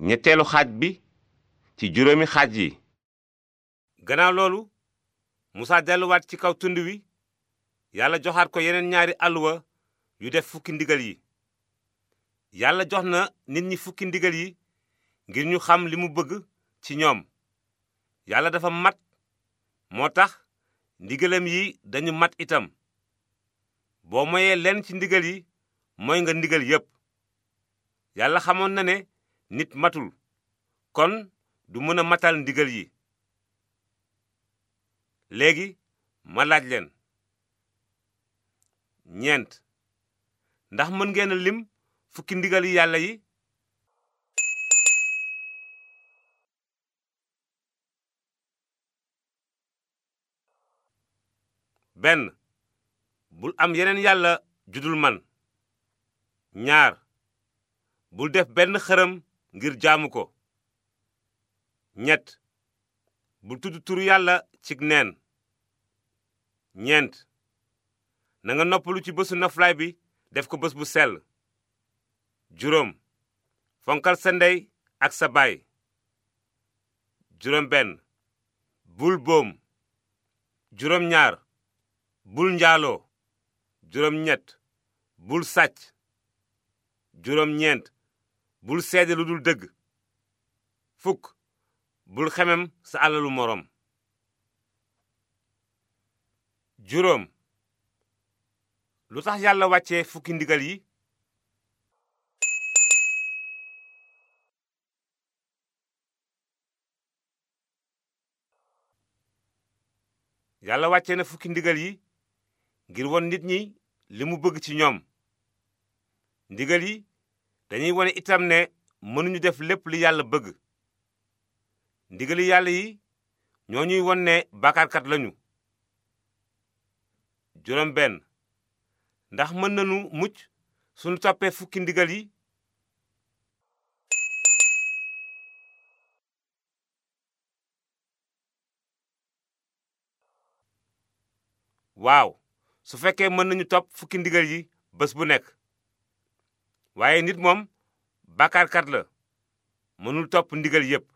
ñetteelu xaaj bi ci juróomi xaaj yi ganaaw loolu musaa delluwaat ci kaw tund wi yàlla joxaat ko yeneen ñaari àlluwa yu def fukki ndigal yi yàlla jox na nit ñi fukki ndigal yi ngir ñu xam li mu bëgg ci ñoom yàlla dafa mat moo tax ndigalam yi dañu mat itam boo moyee lenn ci ndigal yi mooy nga ndigal yépp yàlla xamoon na ne nit matul kon du mën a matal ndigal yi léegi ma laaj leen ñeent ndax mën ngeen lim fukki ndigal yi yàlla yi benn bul am yeneen yàlla judul man ñaar bul def benn xërëm ngir jaamu ko ñett bul tudd turu yàlla cig neen ñeent nanga nga noppalu ci bësu noflaay bi def ko bës bu sell juróom fonkal sa ndey ak sa baay juróom benn bul boom juróom ñaar bul njaaloo juróom ñett bul sàcc juróom ñeent bul seede lu dul dëgg fukk bul xemem sa alalu moroom juróom lu tax yàlla wàccee fukki ndigal yi yàlla wàccee na fukki ndigal yi ngir won nit ñi li mu bëgg ci ñoom ndigal yi dañuy wone itam ne mënuñu def lépp li yàlla bëgg ndigali yàlla yi ñoo ñuy won ne lañu juróom ndax mën nañu mucc suñu toppee fukki ndigal yi waaw su fekkee mën nañu topp fukki ndigal yi bés bu nekk waaye nit moom bàkkaarkat la mënul topp ndigal yépp